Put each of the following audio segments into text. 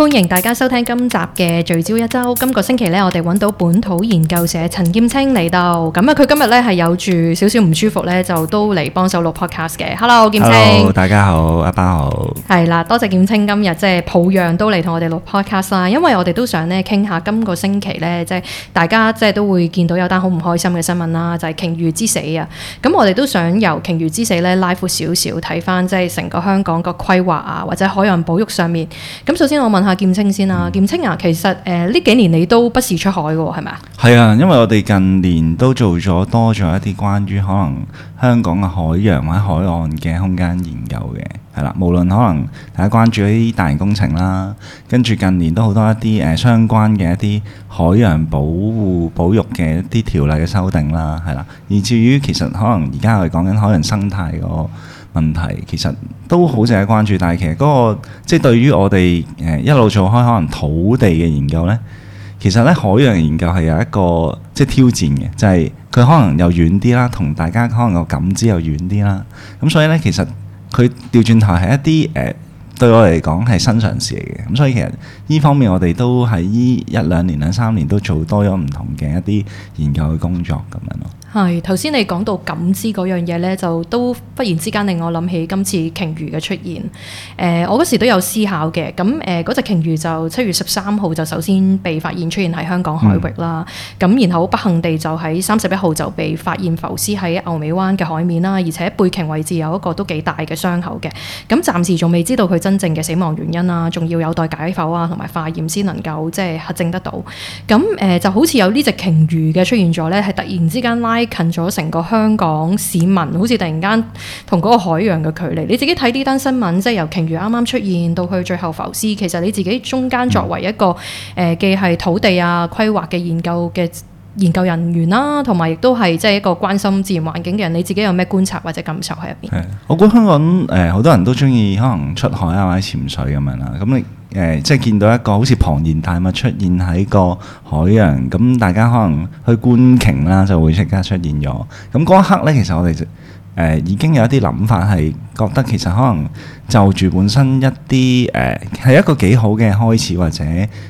歡迎大家收聽今集嘅聚焦一周。今個星期呢，我哋揾到本土研究社陳劍青嚟到。咁啊，佢今日呢，係有住少少唔舒服呢，就都嚟幫手錄 podcast 嘅。Hello，劍青。Hello, 大家好，阿包好。係啦，多謝劍青今日即係抱恙都嚟同我哋錄 podcast 啦。因為我哋都想呢傾下今個星期呢，即係大家即係都會見到有單好唔開心嘅新聞啦，就係鯨魚之死啊。咁我哋都想由鯨魚之死呢，拉闊少少，睇翻即係成個香港個規劃啊，或者海洋保育上面。咁首先我問下。啊，劍青先啦，劍青啊，其實誒呢、呃、幾年你都不時出海嘅喎、哦，係咪啊？係啊，因為我哋近年都做咗多咗一啲關於可能香港嘅海洋或者海岸嘅空間研究嘅，係啦，無論可能大家關注一啲大型工程啦，跟住近年都好多一啲誒、呃、相關嘅一啲海洋保護保育嘅一啲條例嘅修訂啦，係啦，而至於其實可能而家我哋講緊海洋生態嘅。問題其實都好值得關注，但係其實嗰、那個即係對於我哋誒、呃、一路做開可能土地嘅研究呢，其實呢海洋研究係有一個即係挑戰嘅，就係、是、佢可能又遠啲啦，同大家可能個感知又遠啲啦。咁所以呢，其實佢調轉頭係一啲誒、呃、對我嚟講係新嘗試嚟嘅。咁所以其實呢方面我哋都喺呢一兩年兩三年都做多咗唔同嘅一啲研究嘅工作咁樣咯。係，頭先你講到感知嗰樣嘢呢，就都忽然之間令我諗起今次鯨魚嘅出現。誒、呃，我嗰時都有思考嘅。咁誒，嗰、呃、隻鯨魚就七月十三號就首先被發現出現喺香港海域啦。咁、嗯、然後不幸地就喺三十一號就被發現浮屍喺牛尾灣嘅海面啦，而且背鰭位置有一個都幾大嘅傷口嘅。咁暫時仲未知道佢真正嘅死亡原因啊，仲要有待解剖啊同埋化驗先能夠即係核證得到。咁誒、呃、就好似有呢隻鯨魚嘅出現咗呢，係突然之間拉拉近咗成個香港市民，好似突然間同嗰個海洋嘅距離。你自己睇呢單新聞，即係由鯨魚啱啱出現到去最後浮屍，其實你自己中間作為一個誒、嗯呃、既係土地啊規劃嘅研究嘅研究人員啦、啊，同埋亦都係即係一個關心自然環境嘅人，你自己有咩觀察或者感受喺入邊？我估香港誒好、呃、多人都中意可能出海啊或者潛水咁樣啦。咁你？誒、呃，即係見到一個好似龐然大物出現喺個海洋，咁大家可能去觀鯨啦，就會即刻出現咗。咁嗰一刻呢，其實我哋誒、呃、已經有一啲諗法，係覺得其實可能就住本身一啲誒，係、呃、一個幾好嘅開始或者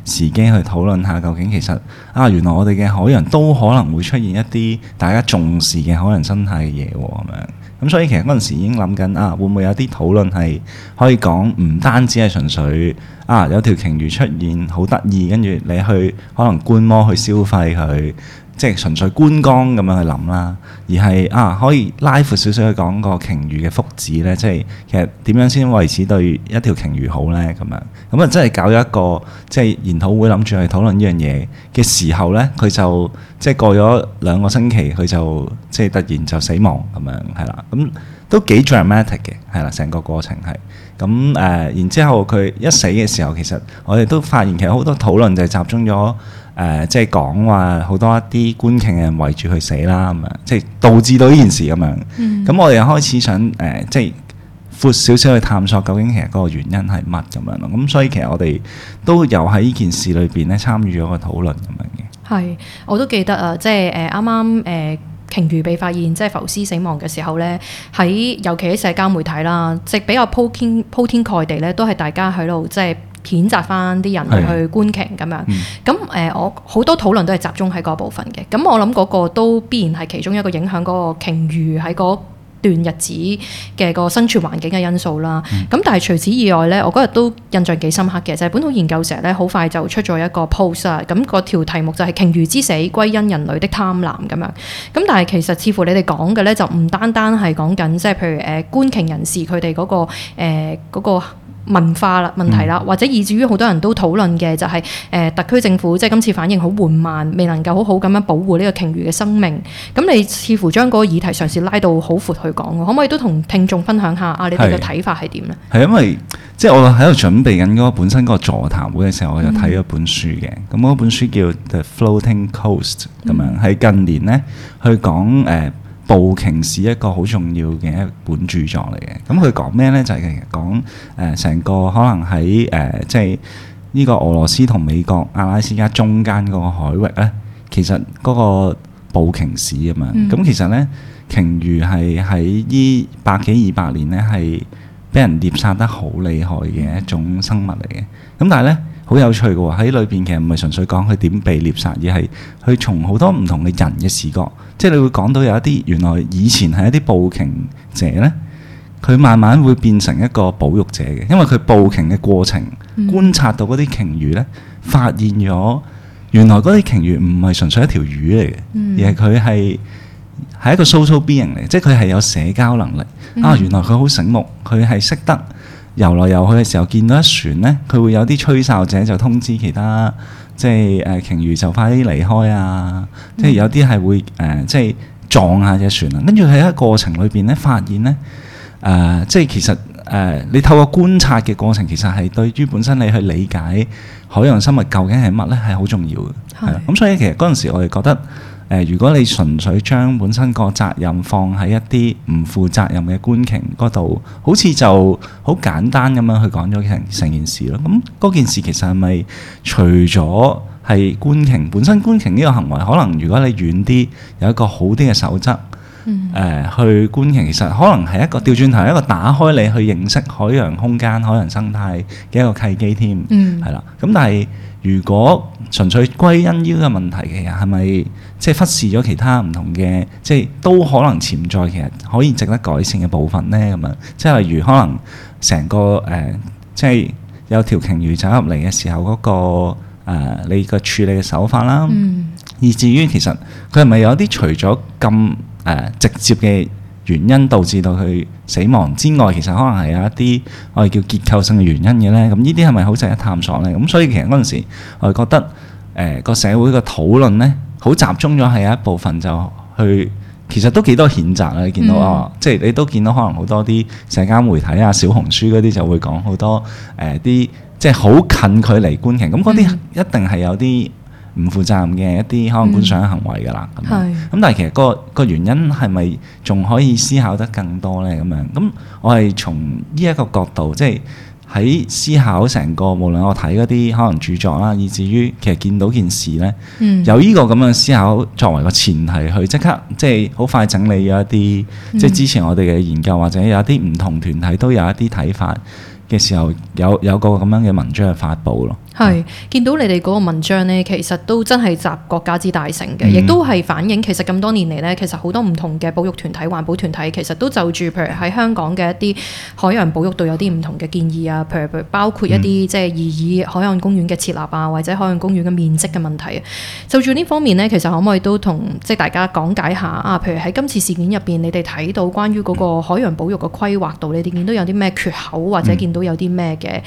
時機去討論下究竟其實啊，原來我哋嘅海洋都可能會出現一啲大家重視嘅海洋生態嘅嘢喎，咁、嗯、樣。咁所以其實嗰陣時已經諗緊啊，會唔會有啲討論係可以講唔單止係純粹啊有條鯨魚出現好得意，跟住你去可能觀摩去消費佢。即係純粹觀光咁樣去諗啦，而係啊可以拉闊少少去講個鯨魚嘅福祉咧，即係其實點樣先為此對一條鯨魚好咧咁樣。咁啊真係搞咗一個即係研討會，諗住去討論呢樣嘢嘅時候咧，佢就即係過咗兩個星期，佢就即係突然就死亡咁樣係啦。咁都幾 dramatic 嘅係啦，成個過程係咁誒。然之後佢一死嘅時候，其實我哋都發現其實好多討論就係集中咗。誒、呃，即係講話好多一啲觀鯨嘅人圍住佢死啦，咁樣即係導致到呢件事咁、嗯、樣。咁我哋又開始想誒、呃，即係闊少少去探索究竟其實嗰個原因係乜咁樣咯。咁、嗯、所以其實我哋都有喺呢件事裏邊咧參與咗個討論咁、嗯、樣嘅。係，我都記得啊，即係誒啱啱誒鯨魚被發現即係、就是、浮屍死亡嘅時候咧，喺尤其喺社交媒體啦，即、就、係、是、比較鋪天鋪天蓋地咧，都係大家喺度即係，譴責翻啲人去觀鯨咁的樣，咁誒、嗯嗯、我好多討論都係集中喺嗰部分嘅，咁我諗嗰個都必然係其中一個影響嗰個鯨魚喺嗰段日子嘅個生存環境嘅因素啦。咁、嗯、但係除此以外咧，我嗰日都印象幾深刻嘅，就係、是、本土研究社咧好快就出咗一個 post 啊，咁嗰條題目就係、是、鯨魚之死歸因人類的貪婪咁樣。咁但係其實似乎你哋講嘅咧就唔單單係講緊，即、就、係、是、譬如誒、呃、觀鯨人士佢哋嗰個誒嗰個。呃呃那個文化啦問題啦，或者以至於好多人都討論嘅就係、是、誒、呃、特區政府即係今次反應好緩慢，未能夠好好咁樣保護呢個鯨魚嘅生命。咁你似乎將嗰個議題嘗試拉到好闊去講，可唔可以都同聽眾分享下啊？你哋嘅睇法係點呢？係因為即係我喺度準備緊、那、嗰、個、本身個座談會嘅時候，我就睇咗本書嘅。咁嗰、嗯、本書叫《The Floating Coast》咁樣，喺、嗯、近年呢去講誒。呃《捕鯨史》一個好重要嘅一本著作嚟嘅，咁佢講咩咧？就係其實講誒成個可能喺誒即係呢個俄羅斯同美國阿拉斯加中間嗰個海域咧，其實嗰個捕鯨史啊嘛，咁、嗯、其實咧鯨魚係喺呢百幾二百年咧係俾人獵殺得好厲害嘅一種生物嚟嘅，咁但係咧。好有趣嘅喎，喺裏邊其實唔係純粹講佢點被獵殺，而係佢從好多唔同嘅人嘅視角，即係你會講到有一啲原來以前係一啲捕鯨者咧，佢慢慢會變成一個保育者嘅，因為佢捕鯨嘅過程、嗯、觀察到嗰啲鯨魚咧，發現咗原來嗰啲鯨魚唔係純粹一條魚嚟嘅，嗯、而係佢係係一個 social being 嚟，即係佢係有社交能力、嗯、啊！原來佢好醒目，佢係識得。游來游去嘅時候，見到一船咧，佢會有啲吹哨者就通知其他，即係誒鯨魚就快啲離開啊！嗯、即係有啲係會誒、呃，即係撞一下隻船啊！跟住喺一個過程裏邊咧，發現咧誒，即係其實誒、呃，你透過觀察嘅過程，其實係對於本身你去理解海洋生物究竟係乜咧，係好重要嘅。係咁，所以其實嗰陣時我哋覺得。誒、呃，如果你純粹將本身個責任放喺一啲唔負責任嘅觀鯨嗰度，好似就好簡單咁樣去講咗成件事咯。咁、嗯、嗰、嗯、件事其實係咪除咗係觀鯨本身觀鯨呢個行為，可能如果你遠啲有一個好啲嘅守則，誒、呃、去觀鯨，其實可能係一個掉轉頭一個打開你去認識海洋空間、海洋生態嘅一個契機添。嗯，係啦、嗯。咁但係。如果純粹歸因於個問題，其實係咪即係忽視咗其他唔同嘅，即係都可能潛在其實可以值得改善嘅部分咧？咁樣，即係例如可能成個誒、呃，即係有條鯨魚走入嚟嘅時候嗰、那個、呃、你個處理嘅手法啦，而、嗯、以至於其實佢係咪有啲除咗咁誒直接嘅原因導致到佢死亡之外，其實可能係有一啲我哋叫結構性嘅原因嘅咧。咁呢啲係咪好值得探索咧？咁所以其實嗰陣時，我覺得誒個、呃、社會嘅討論咧，好集中咗係有一部分就去，其實都幾多譴責啦。你見到啊，嗯、即係你都見到可能好多啲社交媒體啊、小紅書嗰啲就會講好多誒啲、呃，即係好近距離觀鯨。咁嗰啲一定係有啲。嗯嗯唔負責任嘅一啲可能觀賞行為㗎啦，咁，咁但係其實、個、個原因係咪仲可以思考得更多咧？咁樣，咁我係從呢一個角度，即係喺思考成個無論我睇嗰啲可能著作啦，以至於其實見到件事咧，由呢、嗯、個咁樣思考作為個前提，去即刻即係好快整理咗一啲即係之前我哋嘅研究，或者有一啲唔同團體都有一啲睇法嘅時候，有有個咁樣嘅文章去發布咯。係，見、sí, 到你哋嗰個文章呢，其實都真係集國家之大成嘅，亦都係反映其實咁多年嚟呢，其實好多唔同嘅保育團體、環保團體，其實都就住譬如喺香港嘅一啲海洋保育度有啲唔同嘅建議啊，譬如包括一啲即係議議海岸公園嘅設立啊，或者海岸公園嘅面積嘅問題，就住呢方面呢，其實可唔可以都同即係大家講解下啊？譬如喺今次事件入邊，你哋睇到關於嗰個海洋保育嘅規劃度，你哋見到有啲咩缺口，或者見到有啲咩嘅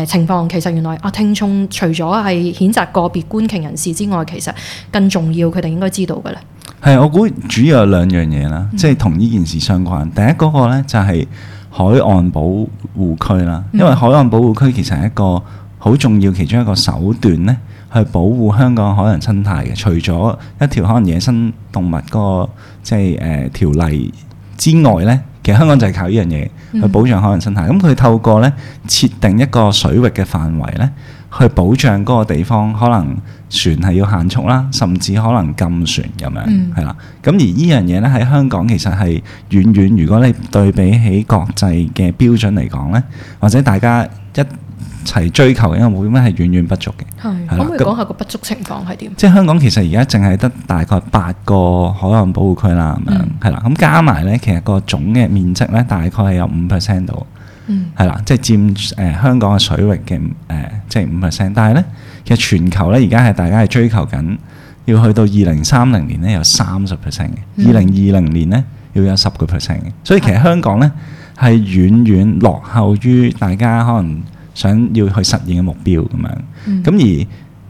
誒情況？其實原來啊，聽沖。除咗係譴責個別觀鯨人士之外，其實更重要，佢哋應該知道嘅咧。係我估主要有兩樣嘢啦，嗯、即係同呢件事相關。第一嗰、那個咧就係海岸保護區啦，因為海岸保護區其實係一個好重要，其中一個手段呢，去保護香港海洋生態嘅。除咗一條可能野生動物嗰即係誒條例之外呢，其實香港就係靠依樣嘢去保障海洋生態。咁、嗯、佢、嗯、透過呢設定一個水域嘅範圍呢。去保障嗰個地方，可能船係要限速啦，甚至可能禁船咁樣，係啦、嗯。咁而呢樣嘢咧喺香港其實係遠遠，如果你對比起國際嘅標準嚟講咧，或者大家一齊追求嘅，應該會係遠遠不足嘅？係是。咁可講下個不足情況係點？即係香港其實而家淨係得大概八個海岸保護區啦，咁樣係啦。咁加埋咧，其實個總嘅面積咧，大概係有五 percent 度。嗯，係啦，即係佔誒香港嘅水域嘅、誒、呃，即係五 percent。但係咧，其實全球咧而家係大家係追求緊，要去到二零三零年咧有三十 percent 嘅，二零二零年咧要有十個 percent 嘅。所以其實香港咧係遠遠落後於大家可能想要去實現嘅目標咁樣。咁、嗯、而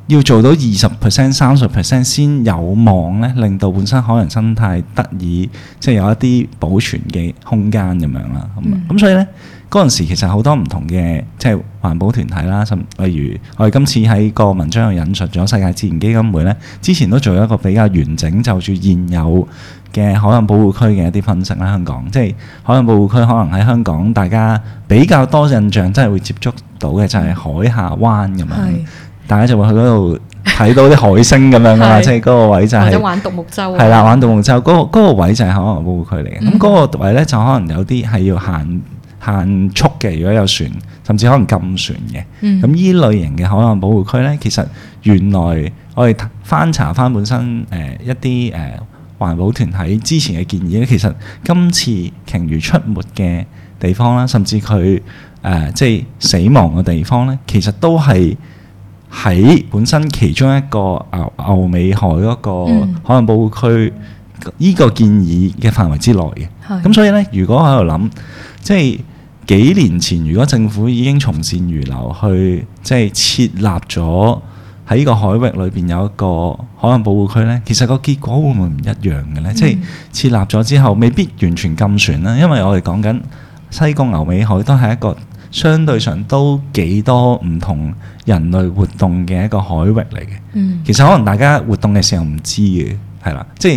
要做到二十 percent、三十 percent 先有望咧，令到本身海洋生態得以即係有一啲保存嘅空間咁樣啦。咁咁、嗯、所以咧嗰陣時其實好多唔同嘅即係環保團體啦，甚例如我哋今次喺個文章又引述咗世界自然基金會咧，之前都做一個比較完整就住現有嘅海洋保護區嘅一啲分析啦。香港即係海洋保護區，可能喺香港大家比較多印象，真係會接觸到嘅就係、是、海下灣咁樣。大家就會去嗰度睇到啲海星咁樣啦，即係嗰個位就係、是。或者玩獨木舟啊。係啦，玩獨木舟嗰、那個那個位就係海岸保護區嚟嘅。咁嗰、嗯、個位咧就可能有啲係要限限速嘅，如果有船，甚至可能禁船嘅。咁呢、嗯、類型嘅海岸保護區咧，其實原來我哋翻查翻本身誒、呃、一啲誒、呃、環保團體之前嘅建議咧，其實今次鯨魚出沒嘅地方啦，甚至佢誒、呃、即係死亡嘅地方咧，其實都係，喺本身其中一個牛尾海嗰個海岸保護區依個建議嘅範圍之內嘅。咁、嗯、所以咧，如果喺度諗，即係幾年前，如果政府已經從善如流去，去即係設立咗喺呢個海域裏邊有一個海岸保護區咧，其實個結果會唔會唔一樣嘅咧？嗯、即係設立咗之後未必完全禁船啦，因為我哋講緊西貢牛尾海都係一個。相對上都幾多唔同人類活動嘅一個海域嚟嘅，嗯、其實可能大家活動嘅時候唔知嘅，係啦，即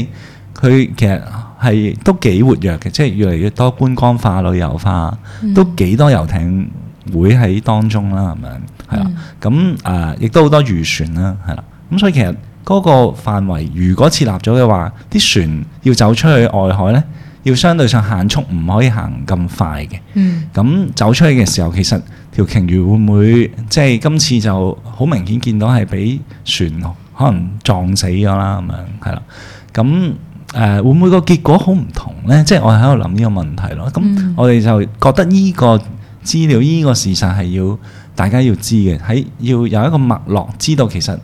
係佢其實係都幾活躍嘅，即係越嚟越多觀光化、旅遊化，嗯、都幾多遊艇會喺當中啦，咁樣係啦，咁誒亦都好多漁船啦，係啦，咁所以其實嗰個範圍如果設立咗嘅話，啲船要走出去外海咧。要相對上限速，唔可以行咁快嘅。咁、嗯、走出去嘅時候，其實條鯨魚會唔會即係今次就好明顯見到係俾船可能撞死咗啦？咁樣係啦。咁誒、呃、會唔會個結果好唔同咧？即、就、係、是、我喺度諗呢個問題咯。咁、嗯、我哋就覺得呢個資料、呢、這個事實係要大家要知嘅，係要有一個脈絡，知道其實。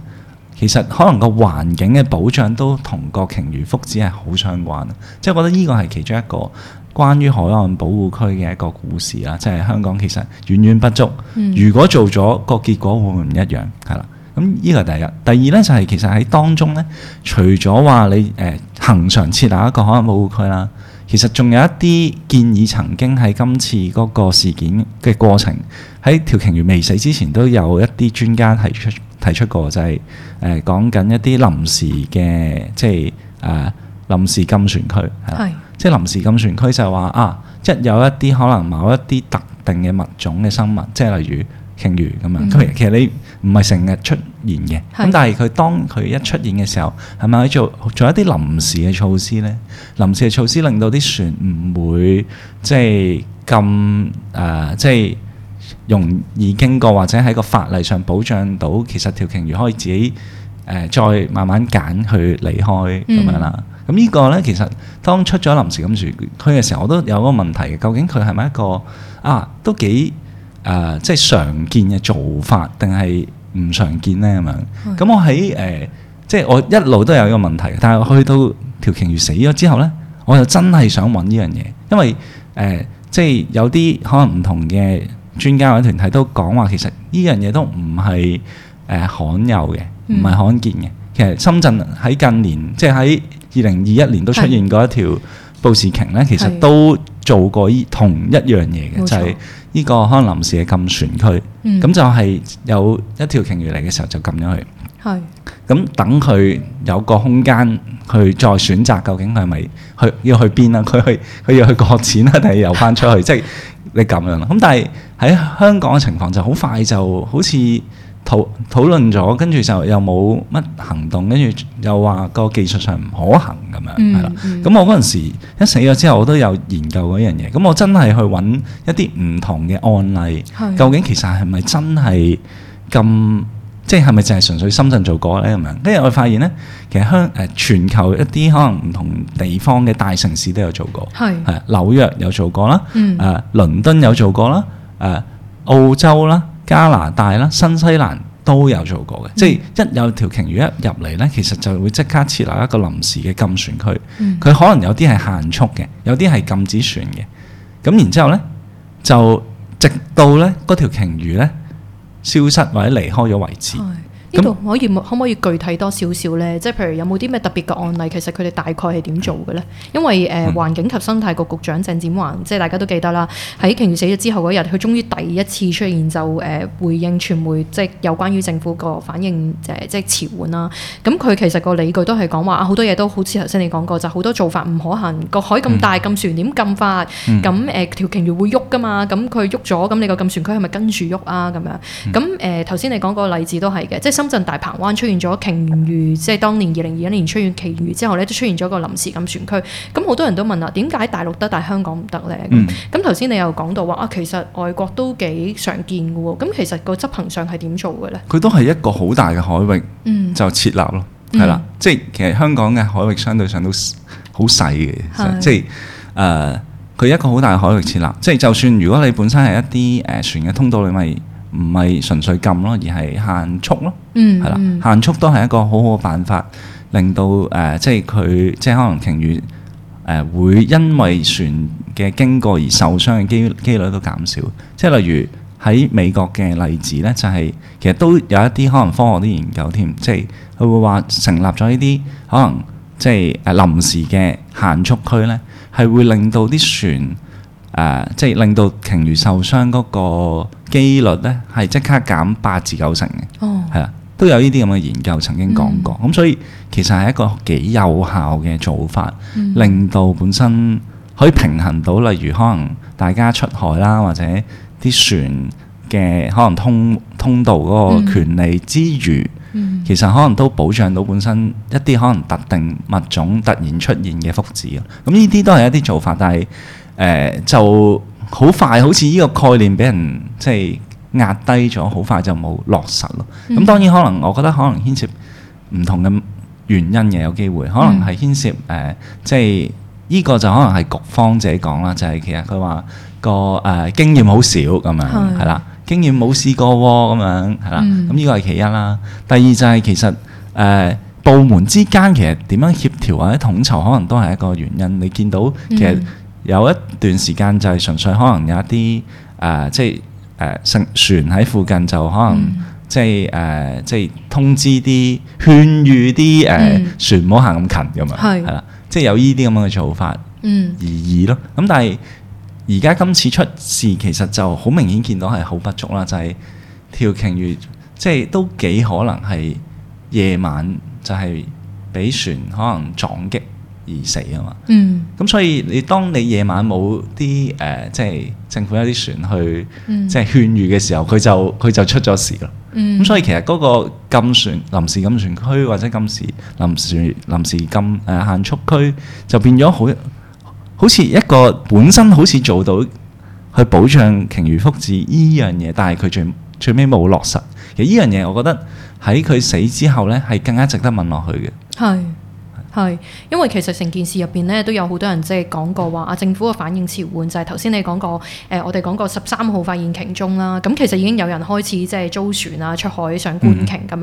其實可能個環境嘅保障都同個鯨魚福祉係好相關，即係我覺得呢個係其中一個關於海岸保護區嘅一個故事啦。即係香港其實遠遠不足，嗯、如果做咗個結果會唔一樣係啦。咁呢個第一，第二呢，就係其實喺當中呢，除咗話你誒、呃、恆常設立一個海岸保護區啦，其實仲有一啲建議曾經喺今次嗰個事件嘅過程，喺條鯨魚未死之前都有一啲專家係出。提出過就係誒講緊一啲臨時嘅，即係誒、呃、臨時禁船區。係是即係臨時禁船區就係話啊，即係有一啲可能某一啲特定嘅物種嘅生物，即係例如鯨魚咁樣。咁其實你唔係成日出現嘅，咁是但係佢當佢一出現嘅時候，係咪可以做做一啲臨時嘅措施咧？臨時嘅措施令到啲船唔會即係咁誒，即係。容易經過或者喺個法例上保障到，其實條鯨魚可以自己誒、呃、再慢慢揀去離開咁樣啦。咁、嗯、呢個咧，其實當出咗臨時禁漁區嘅時候，我都有個問題嘅。究竟佢係咪一個啊都幾誒、呃，即係常見嘅做法，定係唔常見咧？咁樣咁、嗯、我喺誒、呃、即係我一路都有呢個問題，但係我去到條鯨魚死咗之後咧，我又真係想揾呢樣嘢，因為誒、呃、即係有啲可能唔同嘅。專家或者團體都講話，其實呢樣嘢都唔係誒罕有嘅，唔係罕見嘅。嗯、其實深圳喺近年，即係喺二零二一年都出現過一條布氏鯨咧，其實都做過呢同一樣嘢嘅，沒錯 就係呢個可能臨時嘅禁船區。咁、嗯、就係有一條鯨魚嚟嘅時候就禁咗去。係，咁等佢有個空間去再選擇，究竟佢係咪去要去邊啊？佢去佢要去擱淺啊，定係游返出去？即係你咁樣啦。咁但係喺香港嘅情況就好快，就好似討討論咗，跟住就又冇乜行動，跟住又話個技術上唔可行咁樣，係啦。咁我嗰陣時一死咗之後，我都有研究嗰樣嘢。咁我真係去揾一啲唔同嘅案例，是的 究竟其實係咪真係咁？即係咪淨係純粹深圳做過咧咁樣？跟住我發現咧，其實香誒全球一啲可能唔同地方嘅大城市都有做過，係紐約有做過啦，誒倫敦有做過啦，誒澳洲啦、加拿大啦、新西蘭都有做過嘅。即係一有條鯨魚一入嚟咧，其實就會即刻設立一個臨時嘅禁船區，佢可能有啲係限速嘅，有啲係禁止船嘅。咁然之後咧，就直到咧嗰條鯨魚咧。消失或者離開咗位置。呢度可以樣可唔可以具體多少少咧？即係譬如有冇啲咩特別嘅案例？其實佢哋大概係點做嘅咧？因為誒、嗯呃、環境及生態局局長鄭展環，即係大家都記得啦，喺鯨魚死咗之後嗰日，佢終於第一次出現就誒、呃、回應傳媒，即係有關於政府個反應即係遲緩啦。咁佢、啊、其實個理據都係講話啊，好多嘢都好似頭先你講過，就好多做法唔可行。個海咁大，咁、嗯、船點禁法？咁誒、嗯呃、條鯨魚會喐㗎嘛？咁佢喐咗，咁你個禁船區係咪跟住喐啊？咁樣，咁誒頭先你講個例子都係嘅，即、就是深圳大鵬灣出現咗鯨魚，即係當年二零二一年出現鯨魚之後咧，都出現咗個臨時禁船區。咁好多人都問啦，點解大陸得但係香港唔得咧？咁咁頭先你又講到話啊，其實外國都幾常見嘅。咁其實個執行上係點做嘅咧？佢都係一個好大嘅海域，嗯、就設立咯，係啦。嗯、即係其實香港嘅海域相對上都好細嘅，的即係誒，佢、呃、一個好大嘅海域設立。嗯、即係就算如果你本身係一啲誒船嘅通道，你咪。唔係純粹禁咯，而係限速咯，係啦、嗯。限速都係一個好好嘅辦法，令到誒、呃，即係佢即係可能鯨魚誒會因為船嘅經過而受傷嘅機率機率都減少。即係例如喺美國嘅例子咧，就係、是、其實都有一啲可能科學啲研究添，即係佢會話成立咗呢啲可能即係誒臨時嘅限速區咧，係會令到啲船。誒、呃，即係令到鯨魚受傷嗰個機率呢，係即刻減八至九成嘅，係啊、哦，都有呢啲咁嘅研究曾經講過。咁、嗯、所以其實係一個幾有效嘅做法，嗯、令到本身可以平衡到，例如可能大家出海啦，或者啲船嘅可能通通道嗰個權利之餘，嗯、其實可能都保障到本身一啲可能特定物種突然出現嘅福祉啊。咁呢啲都係一啲做法，但係。誒、呃、就好快，好似呢個概念俾人即係壓低咗，好快就冇落實咯。咁當然可能，我覺得可能牽涉唔同嘅原因嘅，有機會可能係牽涉誒、呃，即係呢、這個就可能係局方自己講啦，就係、是、其實佢話個誒經驗好少咁樣係啦，經驗冇、嗯、試過咁樣係啦。咁呢、嗯、個係其一啦。第二就係、是、其實誒、呃、部門之間其實點樣協調或者統籌，可能都係一個原因。你見到其實，嗯有一段時間就係純粹可能有一啲誒、呃，即係誒、呃、船喺附近就可能、嗯、即係誒、呃，即係通知啲勸喻啲誒、呃嗯、船唔好行咁近咁啊，係啦是，即係有呢啲咁嘅做法、嗯、而已咯。咁但係而家今次出事其實就好明顯見到係好不足啦，就係、是、條鯨魚即係都幾可能係夜晚就係俾船可能撞擊。而死啊嘛，咁、嗯、所以你當你夜晚冇啲誒，即、呃、係、就是、政府有啲船去，即係勸喻嘅時候，佢、嗯、就佢就出咗事啦。咁、嗯、所以其實嗰個禁船、臨時禁船區或者禁時、臨時臨時禁誒、呃、限速區，就變咗好，好似一個本身好似做到去保障鯨魚福祉依樣嘢，但係佢最最尾冇落實。其實依樣嘢，我覺得喺佢死之後咧，係更加值得問落去嘅。係。係，因為其實成件事入邊咧都有好多人即係講過話啊，政府嘅反應遲緩就係頭先你講過，誒、呃、我哋講過十三號發現鯨蹤啦，咁、啊、其實已經有人開始即係租船啊出海上觀鯨咁、嗯、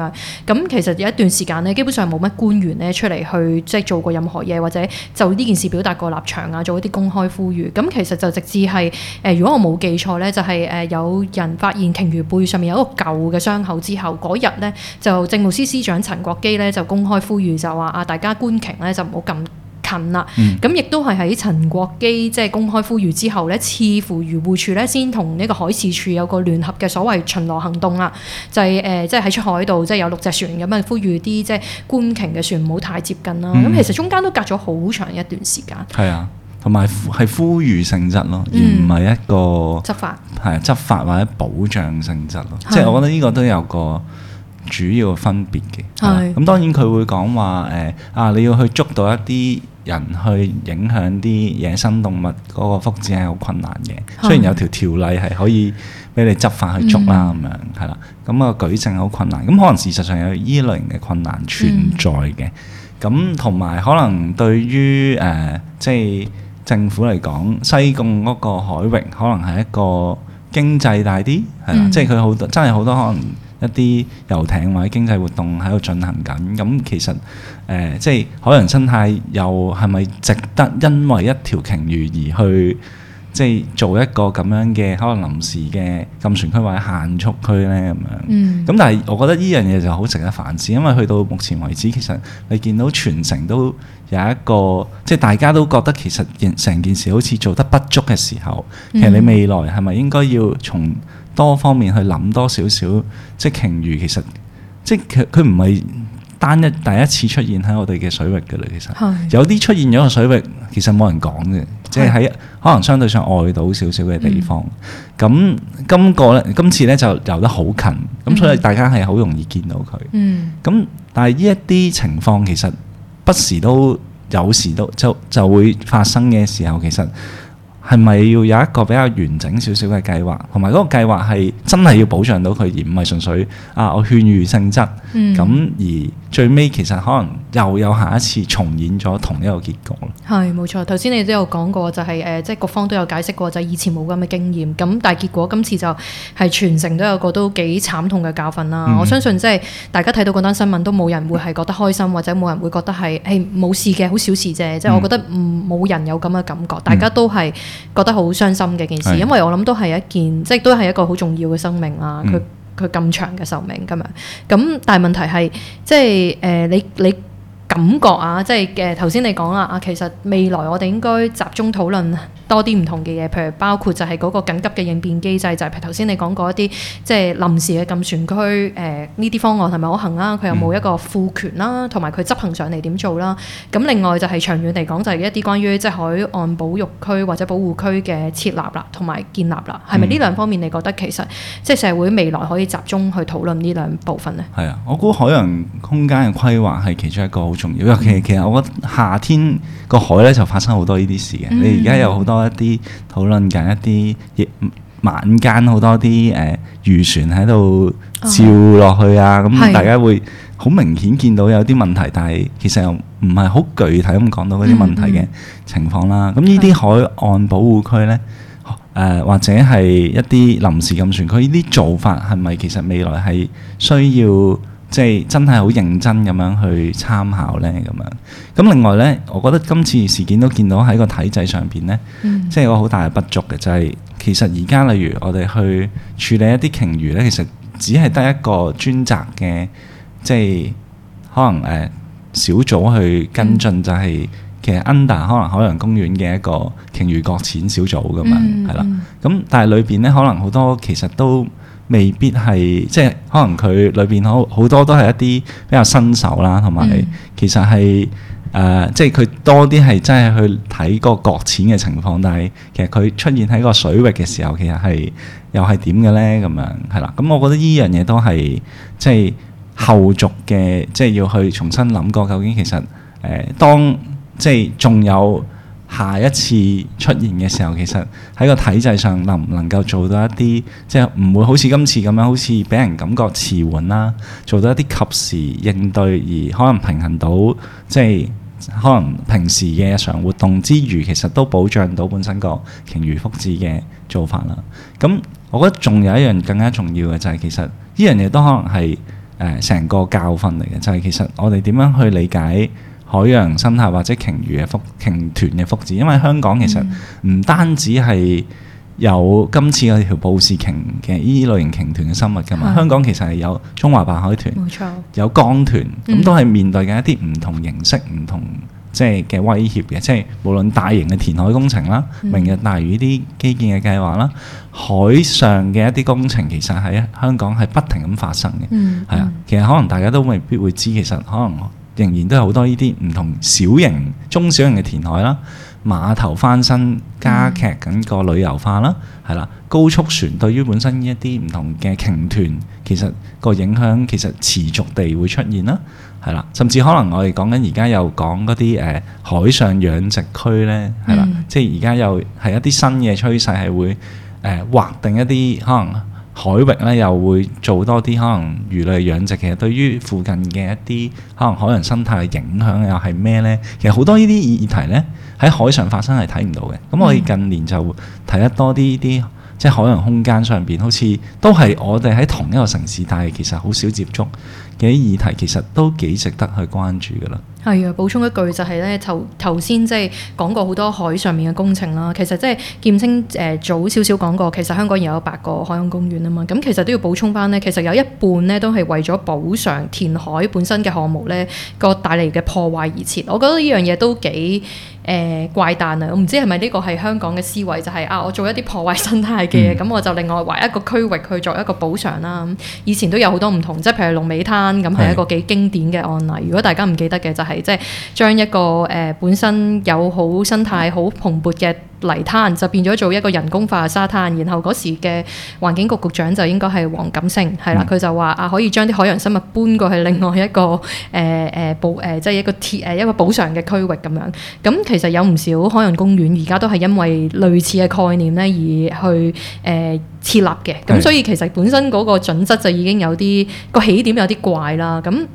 樣，咁其實有一段時間呢，基本上冇乜官員呢出嚟去即係做過任何嘢或者就呢件事表達過立場啊，做一啲公開呼籲，咁、嗯、其實就直至係誒、呃、如果我冇記錯呢，就係、是、誒有人發現鯨魚背上面有一個舊嘅傷口之後嗰日呢，就政務司司長陳國基呢，就公開呼籲就話啊大家觀。」艇咧就唔好咁近啦，咁亦都係喺陳國基即係公開呼籲之後咧，似乎漁護署咧先同呢個海事處有個聯合嘅所謂巡邏行動啦，就係誒即係喺出海度即係有六隻船咁樣呼籲啲即係觀鯨嘅船唔好太接近啦。咁、嗯、其實中間都隔咗好長一段時間，係啊，同埋係呼籲性質咯，而唔係一個執、嗯、法，係執法或者保障性質咯。即係是我覺得呢個都有個。主要分別嘅，咁、嗯、當然佢會講話誒啊！你要去捉到一啲人去影響啲野生動物嗰個福祉係好困難嘅。嗯、雖然有條條例係可以俾你執法去捉啦，咁樣係啦。咁啊、嗰個、舉證好困難，咁可能事實上有依類型嘅困難存在嘅。咁同埋可能對於誒、呃、即係政府嚟講，西貢嗰個海域可能係一個經濟大啲，係啦，嗯、即係佢好多真係好多可能。一啲遊艇或者經濟活動喺度進行緊，咁其實誒、呃，即係海洋生態又係咪值得因為一條鯨魚而去，即係做一個咁樣嘅可能臨時嘅禁船區或者限速區呢，咁樣？咁但係我覺得呢樣嘢就好值得反思，因為去到目前為止，其實你見到全城都有一個，即係大家都覺得其實件成件事好似做得不足嘅時候，其實你未來係咪應該要從？多方面去諗多少少，即鯨魚其實，即係佢唔係單一第一次出現喺我哋嘅水域㗎啦。其實是的 有啲出現咗個水域其實冇人講嘅，即係喺是的 可能相對上外島少少嘅地方。咁、嗯、今個呢，今次呢就游得好近，咁、嗯、所以大家係好容易見到佢。嗯，咁但係呢一啲情況，其實不時都有時都就就會發生嘅時候，其實。係咪要有一個比較完整少少嘅計劃，同埋嗰個計劃係真係要保障到佢，而唔係純粹啊我勸喻性質。咁、嗯、而最尾其實可能又有下一次重演咗同一個結果啦。係冇錯，頭先你都有講過、就係，就係誒即係各方都有解釋過，就係以前冇咁嘅經驗。咁但係結果今次就係全城都有個都幾慘痛嘅教訓啦。嗯、我相信即係大家睇到嗰單新聞都冇人會係覺得開心，嗯、或者冇人會覺得係誒冇事嘅，好小事啫。即係、嗯、我覺得冇人有咁嘅感覺，大家都係。覺得好傷心嘅一件事，因為我諗都係一件，即係都係一個好重要嘅生命啦。佢佢咁長嘅壽命咁樣，咁但係問題係，即係誒你你。你感覺啊，即係誒頭先你講啦啊，其實未來我哋應該集中討論多啲唔同嘅嘢，譬如包括就係嗰個緊急嘅應變機制，就係譬如頭先你講過一啲即係臨時嘅禁船區誒呢啲方案係咪可行啦、啊？佢有冇一個賦權啦、啊？同埋佢執行上嚟點做啦、啊？咁另外就係長遠嚟講，就係一啲關於即係海岸保育區或者保護區嘅設立啦，同埋建立啦，係咪呢兩方面你覺得其實、嗯、即係社會未來可以集中去討論呢兩部分呢？係啊，我估海洋空間嘅規劃係其中一個重要，因其實其實我覺得夏天個海咧就發生好多呢啲事嘅。你而家有好多一啲討論緊一啲夜晚間好多啲誒漁船喺度照落去啊，咁、嗯嗯、大家會好明顯見到有啲問題，但係其實又唔係好具體咁講到嗰啲問題嘅情況啦。咁呢啲海岸保護區咧，誒、呃、或者係一啲臨時禁船區呢啲做法係咪其實未來係需要？即係真係好認真咁樣去參考呢。咁樣。咁另外呢，我覺得今次事件都見到喺個體制上邊呢，嗯、即係有好大嘅不足嘅，就係、是、其實而家例如我哋去處理一啲鯨魚呢，其實只係得一個專責嘅，即係可能誒、呃、小組去跟進，嗯、就係、是、其實 under 可能海洋公園嘅一個鯨魚擱淺小組㗎嘛，係、嗯、啦。咁但係裏邊呢，可能好多其實都。未必係，即係可能佢裏邊好好多都係一啲比較新手啦，同埋其實係誒、嗯呃，即係佢多啲係真係去睇個擱淺嘅情況，但係其實佢出現喺個水域嘅時候，其實係又係點嘅咧？咁樣係啦，咁我覺得呢樣嘢都係即係後續嘅，即係要去重新諗過，究竟其實誒、呃、當即係仲有。下一次出現嘅時候，其實喺個體制上能唔能夠做到一啲，即係唔會好似今次咁樣，好似俾人感覺遲緩啦，做到一啲及時應對，而可能平衡到，即係可能平時嘅日常活動之餘，其實都保障到本身個鯨魚福祉嘅做法啦。咁我覺得仲有一樣更加重要嘅就係其實呢樣嘢都可能係誒成個教訓嚟嘅，就係其實我哋點樣去理解？.海洋生態或者鯨魚嘅復鯨豚嘅福祉，因為香港其實唔單止係有今次嗰條布氏鯨嘅呢類型鯨豚嘅生物㗎嘛，是的 香港其實係有中華白海豚，冇沒錯有，有江豚，咁都係面對緊一啲唔同形式、唔、嗯、同即係嘅威脅嘅，即係無論大型嘅填海工程啦，嗯、明日大嶼啲基建嘅計劃啦，海上嘅一啲工程其實喺香港係不停咁發生嘅，係啊、嗯，其實可能大家都未必會知，其實可能。仍然都有好多呢啲唔同小型、中小型嘅填海啦，碼頭翻新加劇緊個旅遊化啦，係啦、嗯，高速船對於本身呢一啲唔同嘅鯨豚其實個影響其實持續地會出現啦，係啦，甚至可能我哋講緊而家又講嗰啲誒海上養殖區咧，係啦、嗯，即係而家又係一啲新嘅趨勢，係會誒劃定一啲可能。海域咧又會做多啲可能魚類養殖，其實對於附近嘅一啲可能海洋生態嘅影響又係咩呢？其實好多呢啲議題呢喺海上發生係睇唔到嘅，咁我哋近年就睇得多啲啲。即係海洋空間上邊，好似都係我哋喺同一個城市，但係其實好少接觸嘅啲議題，其實都幾值得去關注㗎喇。係啊，補充一句就係、是、咧，頭頭先即係講過好多海上面嘅工程啦。其實即係劍青誒、呃、早少少講過，其實香港有八個海洋公園啊嘛。咁其實都要補充返呢。其實有一半呢都係為咗補償填海本身嘅項目呢個帶嚟嘅破壞而設。我覺得呢樣嘢都幾。誒、呃、怪誕啊！我唔知係咪呢個係香港嘅思維，就係、是、啊，我做一啲破壞生態嘅嘢，咁、嗯、我就另外劃一個區域去作一個補償啦。以前都有好多唔同，即係譬如龍尾灘咁係一個幾經典嘅案例。的如果大家唔記得嘅，就係即係將一個誒、呃、本身有好生態、好蓬勃嘅。泥灘就變咗做一個人工化嘅沙灘，然後嗰時嘅環境局局長就應該係黃錦星，係啦，佢、嗯、就話啊，可以將啲海洋生物搬過去另外一個誒誒補誒，即係一個鐵誒、呃、一個補償嘅區域咁樣。咁其實有唔少海洋公園而家都係因為類似嘅概念咧，而去誒、呃、設立嘅。咁所以其實本身嗰個準則就已經有啲個起點有啲怪啦。咁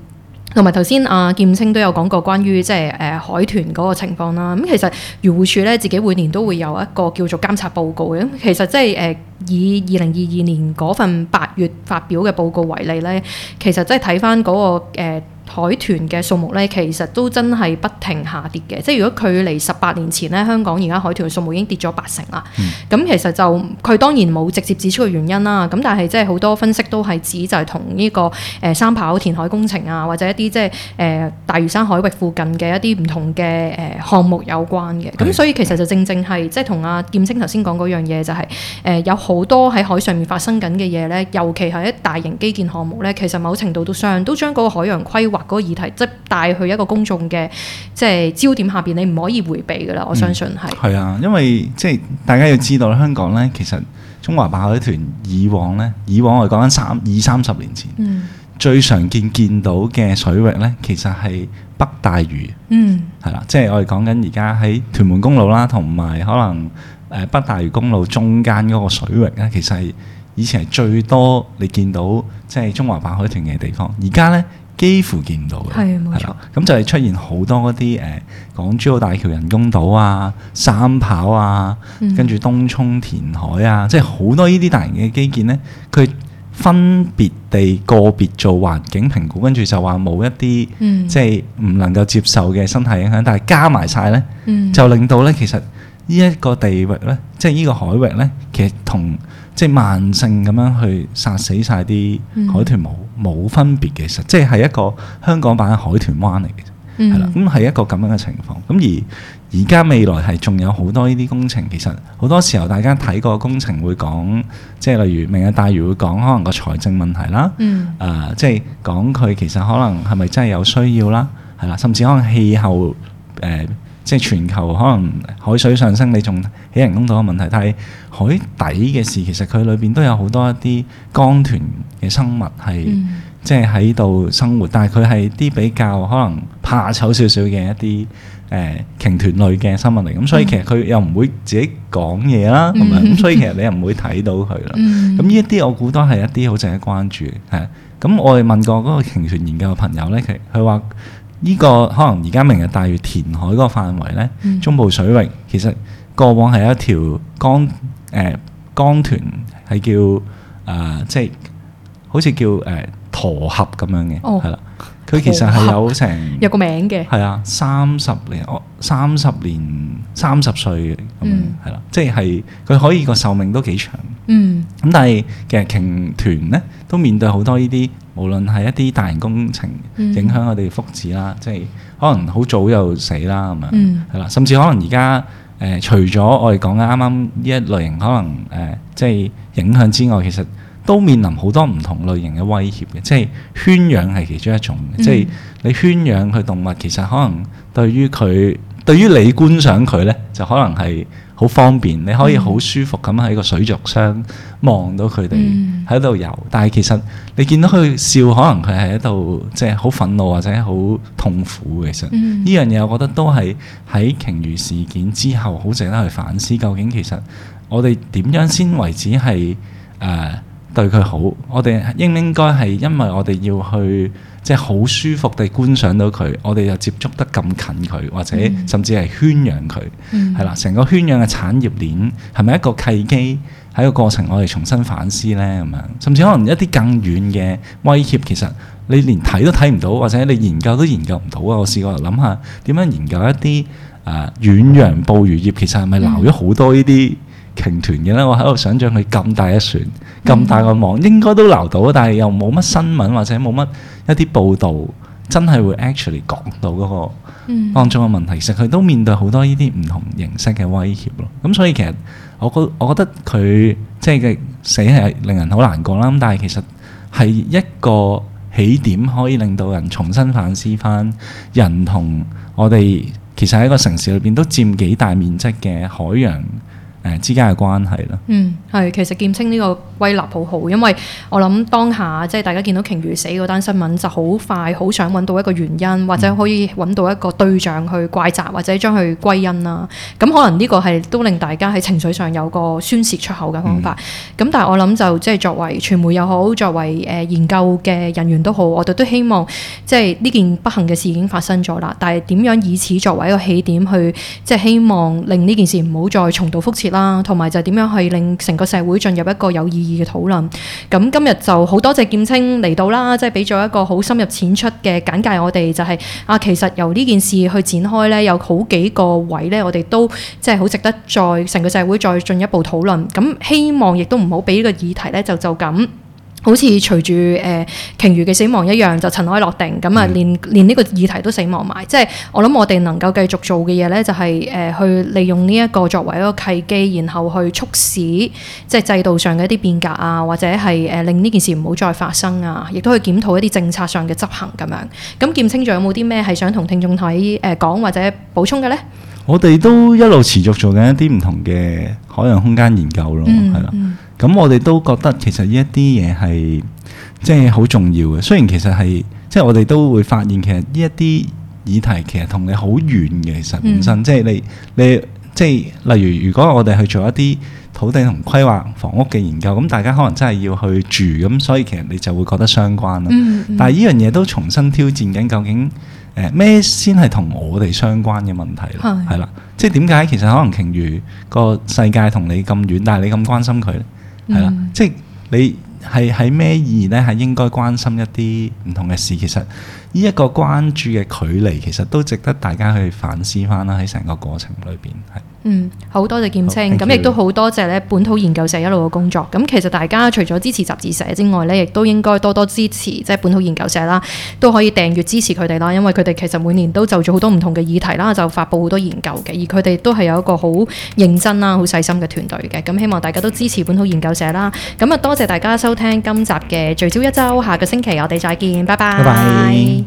同埋頭先阿劍青都有講過關於即係誒海豚嗰個情況啦，咁其實漁護署咧自己每年都會有一個叫做監察報告嘅，咁其實即係誒以二零二二年嗰份八月發表嘅報告為例咧，其實即係睇返嗰個、呃海豚嘅數目咧，其實都真係不停下跌嘅。即係如果距離十八年前咧，香港而家海豚嘅數目已經跌咗八成啦。咁、嗯、其實就佢當然冇直接指出嘅原因啦。咁但係即係好多分析都係指就係同呢個誒、呃、三跑填海工程啊，或者一啲即係誒大嶼山海域附近嘅一啲唔同嘅誒、呃、項目有關嘅。咁是的 所以其實就正正係即係同阿劍青頭先講嗰樣嘢，就係誒有好多喺海上面發生緊嘅嘢咧，尤其係一大型基建項目咧，其實某程度都相都將嗰個海洋規劃。個議題即係帶去一個公眾嘅，即係焦點下邊，你唔可以迴避噶啦。我相信係係、嗯、啊，因為即係大家要知道香港咧，其實中華白海豚以往咧，以往我哋講緊三二三十年前，嗯、最常見見到嘅水域咧，其實係北大嶼，嗯係啦、啊，即係我哋講緊而家喺屯門公路啦，同埋可能誒北大嶼公路中間嗰個水域咧，其實係以前係最多你見到即係中華白海豚嘅地方，而家咧。幾乎見到嘅，係啊，冇錯。咁就係出現好多嗰啲誒，港珠澳大橋人工島啊、三跑啊，跟住東涌填海啊，即係好多呢啲大型嘅基建呢，佢分別地個別做環境評估，跟住就話冇一啲即係唔能夠接受嘅生態影響，但係加埋晒呢，嗯、就令到呢，其實呢一個地域呢，即係呢個海域呢，其實同。即係慢性咁樣去殺死晒啲海豚，冇冇、嗯、分別嘅，實即係一個香港版海豚灣嚟嘅，係啦、嗯，咁係一個咁樣嘅情況。咁而而家未來係仲有好多呢啲工程，其實好多時候大家睇個工程會講，即係例如明日大嶼會講可能個財政問題啦，嗯，啊、呃，即係講佢其實可能係咪真係有需要啦，係啦、嗯，甚至可能氣候誒。呃即係全球可能海水上升，你仲起人工島嘅問題，但係海底嘅事其實佢裏邊都有好多一啲江豚嘅生物係、嗯、即係喺度生活，但係佢係啲比較可能怕醜少少嘅一啲誒鯨豚類嘅生物嚟，咁所以其實佢又唔會自己講嘢啦，係咪、嗯？咁所以其實你又唔會睇到佢啦。咁呢、嗯、一啲我估都係一啲好值得關注嘅。咁我哋問過嗰個鯨豚研究嘅朋友咧，其實佢話。呢、這個可能而家明日大嶼填海嗰個範圍咧，嗯、中部水域其實過往係一條江誒江豚，係、呃、叫誒、呃、即係好似叫誒、呃、陀峽咁樣嘅，係啦、哦。佢其實係有成有個名嘅，係啊，三十年，三十年三十歲咁係啦，即係佢可以個壽命都幾長。嗯，咁但係其實鯨豚咧都面對好多呢啲，無論係一啲大型工程影響我哋福祉啦，嗯、即係可能好早就死啦咁樣，係啦、嗯，甚至可能而家誒除咗我哋講嘅啱啱呢一類型，可能誒、呃、即係影響之外，其實。都面臨好多唔同類型嘅威脅嘅，即係圈養係其中一種、嗯、即係你圈養佢動物，其實可能對於佢，對於你觀賞佢呢，就可能係好方便，你可以好舒服咁喺個水族箱望到佢哋喺度遊。嗯、但係其實你見到佢笑，可能佢係喺度即係好憤怒或者好痛苦。其實呢、嗯、樣嘢，我覺得都係喺鯨魚事件之後，好值得去反思。究竟其實我哋點樣先為止係誒？呃對佢好，我哋應唔應該係因為我哋要去即係好舒服地觀賞到佢，我哋又接觸得咁近佢，或者甚至係圈養佢，係啦、嗯，成個圈養嘅產業鏈係咪一個契機，喺個過程，我哋重新反思呢。咁、嗯、樣，甚至可能一啲更遠嘅威脅，其實你連睇都睇唔到，或者你研究都研究唔到啊！我試過諗下點樣研究一啲誒、呃、遠洋捕魚業，其實係咪鬧咗好多呢啲？嗯嗯鯨團嘅啦，我喺度想象佢咁大一船，咁、嗯、大個網，應該都留到，但係又冇乜新聞或者冇乜一啲報導，真係會 actually 講到嗰個當中嘅問題。其實佢都面對好多呢啲唔同形式嘅威脅咯。咁所以其實我覺我覺得佢即係嘅死係令人好難過啦。咁但係其實係一個起點，可以令到人重新反思翻人同我哋其實喺個城市裏邊都佔幾大面積嘅海洋。之間嘅關係啦，嗯，係其實劍青呢個歸納好好，因為我諗當下即係大家見到鯨魚死嗰單新聞，就好快好想揾到一個原因，或者可以揾到一個對象去怪責，或者將佢歸因啦。咁可能呢個係都令大家喺情緒上有個宣泄出口嘅方法。咁、嗯、但係我諗就即係作為傳媒又好，作為誒、呃、研究嘅人員都好，我哋都希望即係呢件不幸嘅事已經發生咗啦。但係點樣以此作為一個起點去，即係希望令呢件事唔好再重蹈覆轍。同埋就點樣去令成個社會進入一個有意義嘅討論？咁今日就好多謝劍青嚟到啦，即係俾咗一個好深入淺出嘅簡介我。我哋就係、是、啊，其實由呢件事去展開咧，有好幾個位咧，我哋都即係好值得再成個社會再進一步討論。咁希望亦都唔好俾呢個議題咧就就咁。好似隨住誒、呃、鯨魚嘅死亡一樣，就塵埃落定。咁啊，嗯、連連呢個議題都死亡埋。即係我諗，我哋能夠繼續做嘅嘢呢，就係、是、誒、呃、去利用呢一個作為一個契機，然後去促使即係制度上嘅一啲變革啊，或者係誒、呃、令呢件事唔好再發生啊，亦都去檢討一啲政策上嘅執行咁、啊、樣。咁劍青仲有冇啲咩係想同聽眾睇誒講或者補充嘅呢？我哋都一路持續做緊一啲唔同嘅海洋空間研究咯，係啦、嗯。嗯嗯咁我哋都覺得其實呢一啲嘢係即係好重要嘅。雖然其實係即係我哋都會發現其實呢一啲議題其實同你好遠嘅，其實本身、嗯、即係你你即係例如，如果我哋去做一啲土地同規劃房屋嘅研究，咁大家可能真係要去住，咁所以其實你就會覺得相關啦。嗯嗯、但係呢樣嘢都重新挑戰緊，究竟誒咩先係同我哋相關嘅問題咧？係啦，即係點解其實可能鯨魚個世界同你咁遠，但係你咁關心佢咧？係啦，即係你係喺咩意義咧？係應該關心一啲唔同嘅事，其實。呢一個關注嘅距離，其實都值得大家去反思翻啦、啊。喺成個過程裏邊，嗯，好多謝劍青，咁亦好都好多謝咧本土研究社一路嘅工作。咁其實大家除咗支持集誌社之外咧，亦都應該多多支持即係、就是、本土研究社啦，都可以訂閲支持佢哋啦。因為佢哋其實每年都就咗好多唔同嘅議題啦，就發布好多研究嘅。而佢哋都係有一個好認真啦、好細心嘅團隊嘅。咁希望大家都支持本土研究社啦。咁啊，多謝大家收聽今集嘅聚焦一周，下個星期我哋再見，拜拜。Bye bye